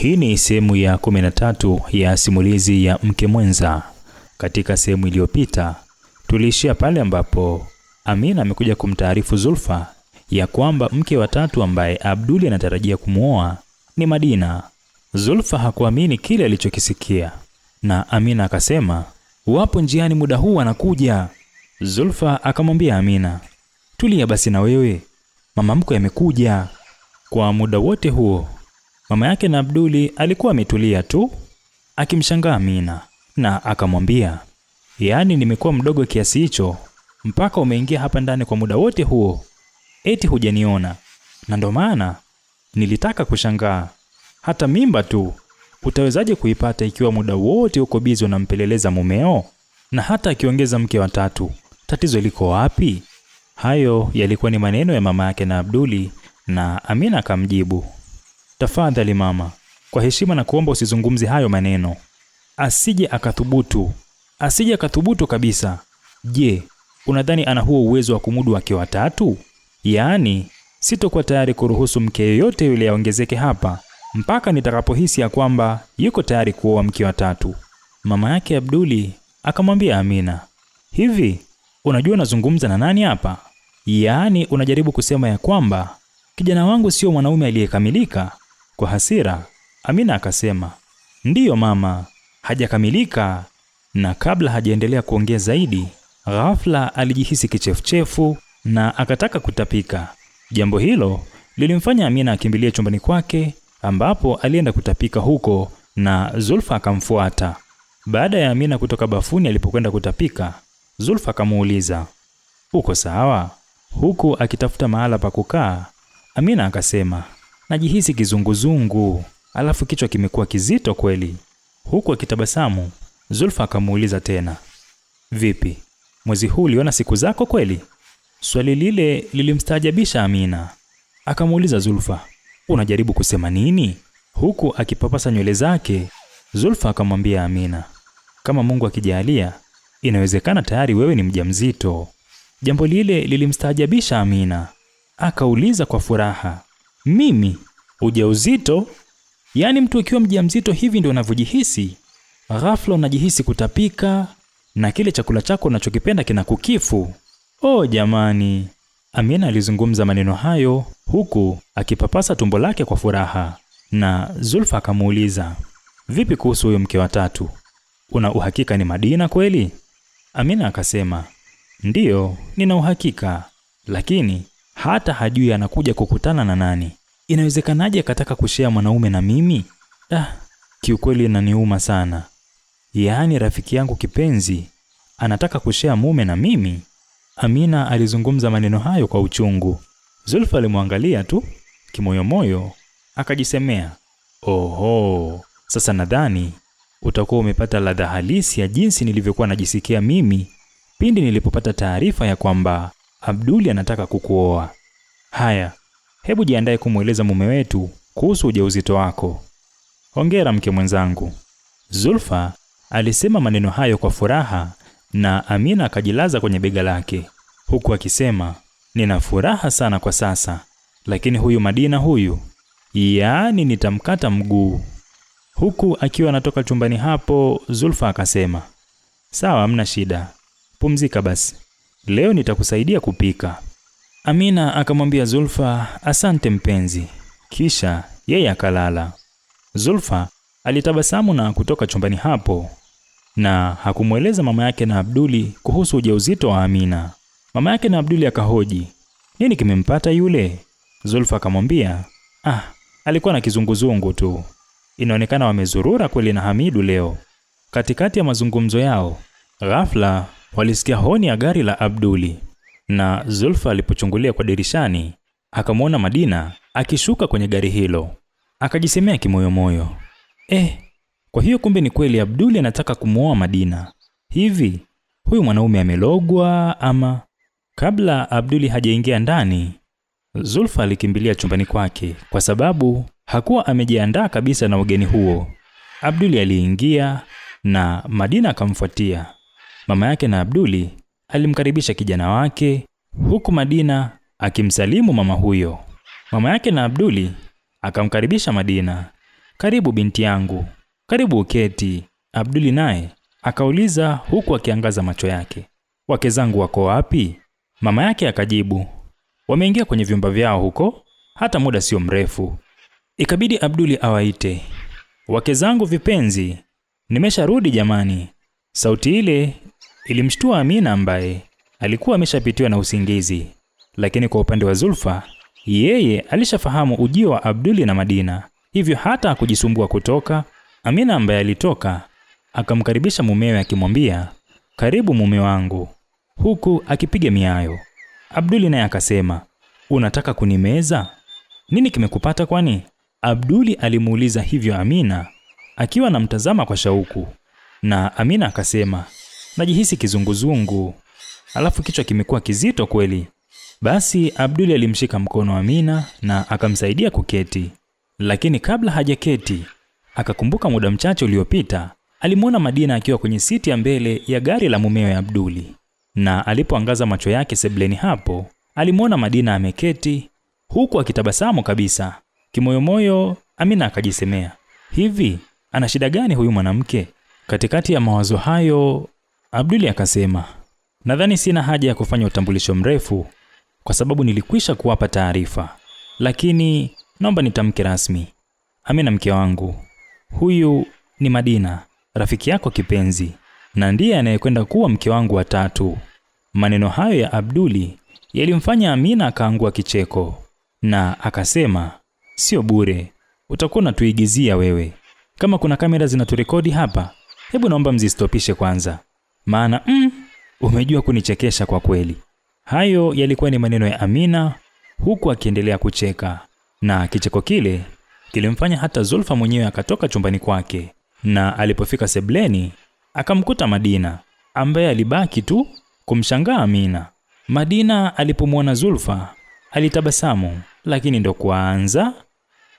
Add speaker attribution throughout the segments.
Speaker 1: Hii ni sehemu ya 13 ya simulizi ya Mke Mwenza. Katika sehemu iliyopita tuliishia pale ambapo Amina amekuja kumtaarifu Zulfa ya kwamba mke wa tatu ambaye Abduli anatarajia kumwoa ni Madina. Zulfa hakuamini kile alichokisikia, na Amina akasema wapo njiani, muda huu anakuja. Zulfa akamwambia Amina, tulia basi na wewe, mama mkwe amekuja. Kwa muda wote huo Mama yake na Abduli alikuwa ametulia tu akimshangaa Amina na akamwambia, yaani nimekuwa mdogo kiasi hicho mpaka umeingia hapa ndani kwa muda wote huo, eti hujaniona? Na ndo maana nilitaka kushangaa, hata mimba tu utawezaje kuipata ikiwa muda wote uko bizi unampeleleza mumeo? Na hata akiongeza mke wa tatu, tatizo liko wapi? Hayo yalikuwa ni maneno ya mama yake na Abduli, na Amina akamjibu. Tafadhali mama, kwa heshima na kuomba usizungumzi hayo maneno. Asije akathubutu, asije akathubutu kabisa. Je, unadhani ana huo uwezo wa kumudu wake watatu? Yaani sitokuwa tayari kuruhusu mke yoyote yule aongezeke hapa mpaka nitakapohisi ya kwamba yuko tayari kuoa mke wa tatu. Mama yake Abduli akamwambia Amina, hivi unajua unazungumza na nani hapa? Yaani unajaribu kusema ya kwamba kijana wangu sio mwanaume aliyekamilika? Kwa hasira, Amina akasema, ndiyo mama, hajakamilika. Na kabla hajaendelea kuongea zaidi, ghafla alijihisi kichefuchefu na akataka kutapika. Jambo hilo lilimfanya Amina akimbilie chumbani kwake ambapo alienda kutapika huko na Zulfa akamfuata. Baada ya Amina kutoka bafuni alipokwenda kutapika, Zulfa akamuuliza, uko sawa? Huku akitafuta mahala pa kukaa, Amina akasema Najihisi kizunguzungu, alafu kichwa kimekuwa kizito kweli. Huku akitabasamu, Zulfa akamuuliza tena, vipi, mwezi huu uliona siku zako kweli? Swali lile lilimstaajabisha Amina. Akamuuliza Zulfa, unajaribu kusema nini? Huku akipapasa nywele zake, Zulfa akamwambia Amina, kama Mungu akijalia, inawezekana tayari wewe ni mjamzito. Jambo lile lilimstaajabisha Amina, akauliza kwa furaha, mimi ujauzito, yaani mtu akiwa mjamzito hivi ndio unavyojihisi. Ghafla unajihisi kutapika na kile chakula chako unachokipenda kinakukifu. Oh jamani! Amina alizungumza maneno hayo huku akipapasa tumbo lake kwa furaha, na Zulfa akamuuliza, vipi kuhusu huyo mke wa tatu, una uhakika ni Madina kweli? Amina akasema, ndiyo, nina uhakika, lakini hata hajui anakuja kukutana na nani. Inawezekanaje akataka kushea mwanaume na mimi? Da, ah, kiukweli inaniuma sana. Yaani rafiki yangu kipenzi anataka kushea mume na mimi? Amina alizungumza maneno hayo kwa uchungu. Zulfa alimwangalia tu kimoyomoyo, akajisemea, oho, sasa nadhani utakuwa umepata ladha halisi ya jinsi nilivyokuwa najisikia mimi pindi nilipopata taarifa ya kwamba Abduli anataka kukuoa. Haya, Hebu jiandae kumweleza mume wetu kuhusu ujauzito wako. Hongera mke mwenzangu. Zulfa alisema maneno hayo kwa furaha na Amina akajilaza kwenye bega lake huku akisema, nina furaha sana kwa sasa, lakini huyu Madina huyu, yaani nitamkata mguu. Huku akiwa anatoka chumbani hapo, Zulfa akasema, sawa, hamna shida, pumzika basi, leo nitakusaidia kupika. Amina akamwambia Zulfa, asante mpenzi, kisha yeye akalala. Zulfa alitabasamu na kutoka chumbani hapo na hakumweleza mama yake na Abduli kuhusu ujauzito wa Amina. Mama yake na Abduli akahoji, nini kimempata yule? Zulfa akamwambia, ah, alikuwa na kizunguzungu tu. Inaonekana wamezurura kweli na Hamidu leo. Katikati ya mazungumzo yao, ghafla walisikia honi ya gari la Abduli na Zulfa alipochungulia kwa dirishani akamwona Madina akishuka kwenye gari hilo, akajisemea kimoyomoyo, eh, kwa hiyo kumbe ni kweli Abduli anataka kumwoa Madina. Hivi huyu mwanaume amelogwa ama? Kabla Abduli hajaingia ndani, Zulfa alikimbilia chumbani kwake kwa sababu hakuwa amejiandaa kabisa na ugeni huo. Abduli aliingia na Madina akamfuatia. Mama yake na Abduli alimkaribisha kijana wake, huku Madina akimsalimu mama huyo. Mama yake na Abduli akamkaribisha Madina. Karibu binti yangu, karibu uketi. Abduli naye akauliza huku akiangaza macho yake, wake zangu wako wapi? Mama yake akajibu, wameingia kwenye vyumba vyao huko, hata muda sio mrefu. Ikabidi Abduli awaite, wake zangu vipenzi, nimesharudi jamani. Sauti ile Ilimshtua Amina ambaye alikuwa ameshapitiwa na usingizi, lakini kwa upande wa Zulfa, yeye alishafahamu ujio wa Abduli na Madina, hivyo hata hakujisumbua kutoka. Amina ambaye alitoka akamkaribisha mumewe akimwambia, karibu mume wangu, huku akipiga miayo. Abduli naye akasema, unataka kunimeza? Nini kimekupata kwani? Abduli alimuuliza hivyo Amina akiwa anamtazama kwa shauku, na Amina akasema najihisi kizunguzungu, alafu kichwa kimekuwa kizito kweli. Basi Abduli alimshika mkono Amina na akamsaidia kuketi, lakini kabla hajaketi akakumbuka muda mchache uliopita alimwona Madina akiwa kwenye siti ya mbele ya gari la mumeo ya Abduli, na alipoangaza macho yake sebleni hapo alimwona Madina ameketi huku akitabasamu kabisa kimoyomoyo. Amina akajisemea hivi, ana shida gani huyu mwanamke? Katikati ya mawazo hayo Abduli akasema, nadhani sina haja ya kufanya utambulisho mrefu kwa sababu nilikwisha kuwapa taarifa, lakini naomba nitamke rasmi. Amina, mke wangu huyu ni Madina, rafiki yako kipenzi, na ndiye anayekwenda kuwa mke wangu wa tatu. Maneno hayo ya Abduli yalimfanya Amina akaangua kicheko na akasema, sio bure, utakuwa unatuigizia wewe. Kama kuna kamera zinaturekodi hapa, hebu naomba mzistopishe kwanza maana mm, umejua kunichekesha kwa kweli. Hayo yalikuwa ni maneno ya Amina huku akiendelea kucheka, na kicheko kile kilimfanya hata Zulfa mwenyewe akatoka chumbani kwake, na alipofika sebleni akamkuta Madina ambaye alibaki tu kumshangaa Amina. Madina alipomwona Zulfa alitabasamu, lakini ndo kwanza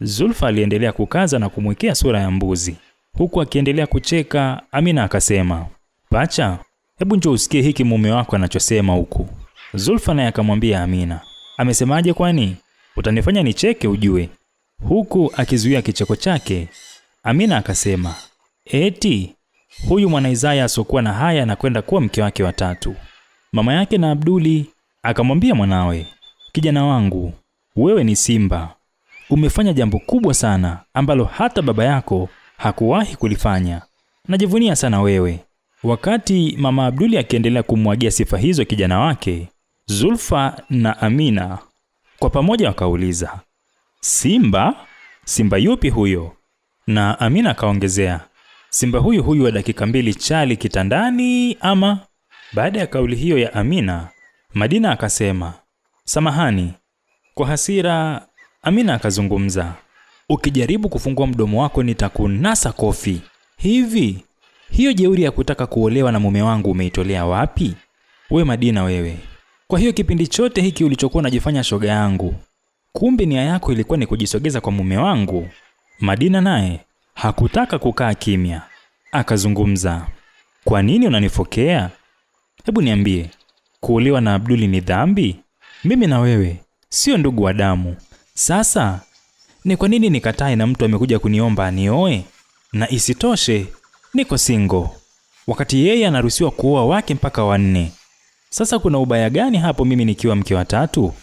Speaker 1: Zulfa aliendelea kukaza na kumwekea sura ya mbuzi huku akiendelea kucheka. Amina akasema Pacha, hebu njoo usikie hiki mume wako anachosema huku. Zulfa naye akamwambia Amina, amesemaje? Kwani utanifanya nicheke ujue, huku akizuia kicheko chake. Amina akasema eti huyu mwana Isaya asiokuwa na haya anakwenda kuwa mke wake watatu. Mama yake na Abduli akamwambia mwanawe, kijana wangu, wewe ni simba, umefanya jambo kubwa sana ambalo hata baba yako hakuwahi kulifanya. Najivunia sana wewe. Wakati mama Abduli akiendelea kumwagia sifa hizo kijana wake, Zulfa na Amina kwa pamoja wakauliza, Simba? Simba yupi huyo? Na Amina akaongezea, Simba huyu huyu wa dakika mbili chali kitandani ama? Baada ya kauli hiyo ya Amina, Madina akasema, Samahani. Kwa hasira, Amina akazungumza, Ukijaribu kufungua mdomo wako nitakunasa kofi. Hivi hiyo jeuri ya kutaka kuolewa na mume wangu umeitolea wapi? We Madina wewe! Kwa hiyo kipindi chote hiki ulichokuwa unajifanya shoga yangu, kumbe nia yako ilikuwa ni kujisogeza kwa mume wangu. Madina naye hakutaka kukaa kimya, akazungumza. Kwa nini unanifokea? Hebu niambie, kuolewa na Abduli ni dhambi? Mimi na wewe sio ndugu wa damu. Sasa ni kwa nini nikatae na mtu amekuja kuniomba anioe? Na isitoshe niko singo wakati yeye anaruhusiwa kuoa wake mpaka wanne. Sasa kuna ubaya gani hapo mimi nikiwa mke wa tatu?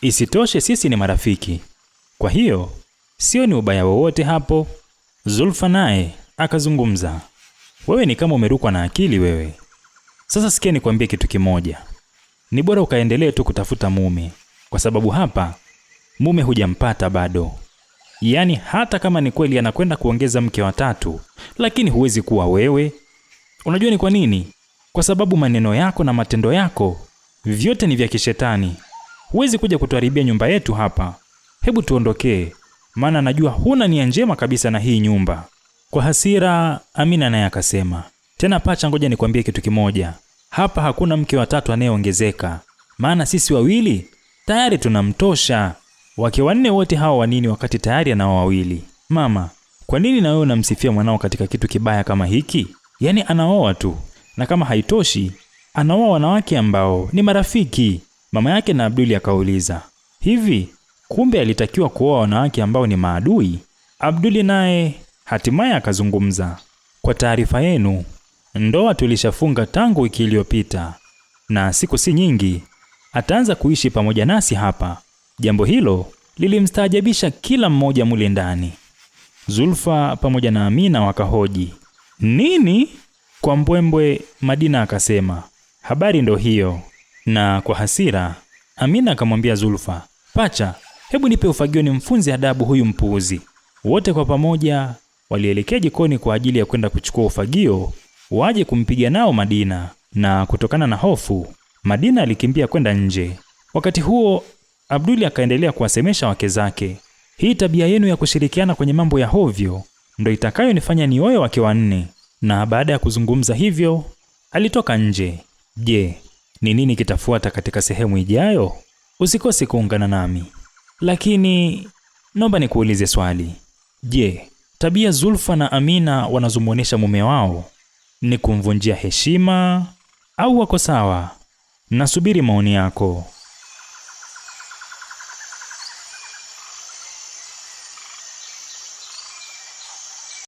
Speaker 1: Isitoshe sisi ni marafiki, kwa hiyo sio ni ubaya wowote hapo. Zulfa naye akazungumza, wewe ni kama umerukwa na akili wewe. Sasa sikia nikwambie kitu kimoja, ni bora ukaendelee tu kutafuta mume, kwa sababu hapa mume hujampata bado. Yaani hata kama ni kweli anakwenda kuongeza mke wa tatu, lakini huwezi kuwa wewe. Unajua ni kwa nini? Kwa sababu maneno yako na matendo yako vyote ni vya kishetani. Huwezi kuja kutuharibia nyumba yetu hapa. Hebu tuondokee, maana najua huna nia njema kabisa na hii nyumba. Kwa hasira, Amina naye akasema, tena pacha, ngoja nikwambie kitu kimoja, hapa hakuna mke wa tatu anayeongezeka, maana sisi wawili tayari tunamtosha. Wake wanne wote hawa wanini wakati tayari anao wawili? Mama, kwa nini na wewe unamsifia mwanao katika kitu kibaya kama hiki? Yaani anaoa tu, na kama haitoshi anaoa wanawake ambao ni marafiki. Mama yake na Abduli akauliza, hivi kumbe alitakiwa kuoa wanawake ambao ni maadui? Abduli naye hatimaye akazungumza, kwa taarifa yenu, ndoa tulishafunga tangu wiki iliyopita, na siku si nyingi ataanza kuishi pamoja nasi hapa. Jambo hilo lilimstaajabisha kila mmoja mule ndani. Zulfa pamoja na Amina wakahoji nini? Kwa mbwembwe Madina akasema habari ndo hiyo, na kwa hasira Amina akamwambia Zulfa, pacha, hebu nipe ufagio ni mfunzi adabu huyu mpuuzi. Wote kwa pamoja walielekea jikoni kwa ajili ya kwenda kuchukua ufagio waje kumpiga nao Madina, na kutokana na hofu Madina alikimbia kwenda nje. Wakati huo Abduli akaendelea kuwasemesha wake zake, hii tabia yenu ya kushirikiana kwenye mambo ya hovyo ndo itakayonifanya nioe wake wanne. Na baada ya kuzungumza hivyo, alitoka nje. Je, ni nini kitafuata katika sehemu ijayo? Usikose kuungana nami, lakini naomba nikuulize swali. Je, tabia Zulfa na Amina wanazomwonyesha mume wao ni kumvunjia heshima au wako sawa? Nasubiri maoni yako.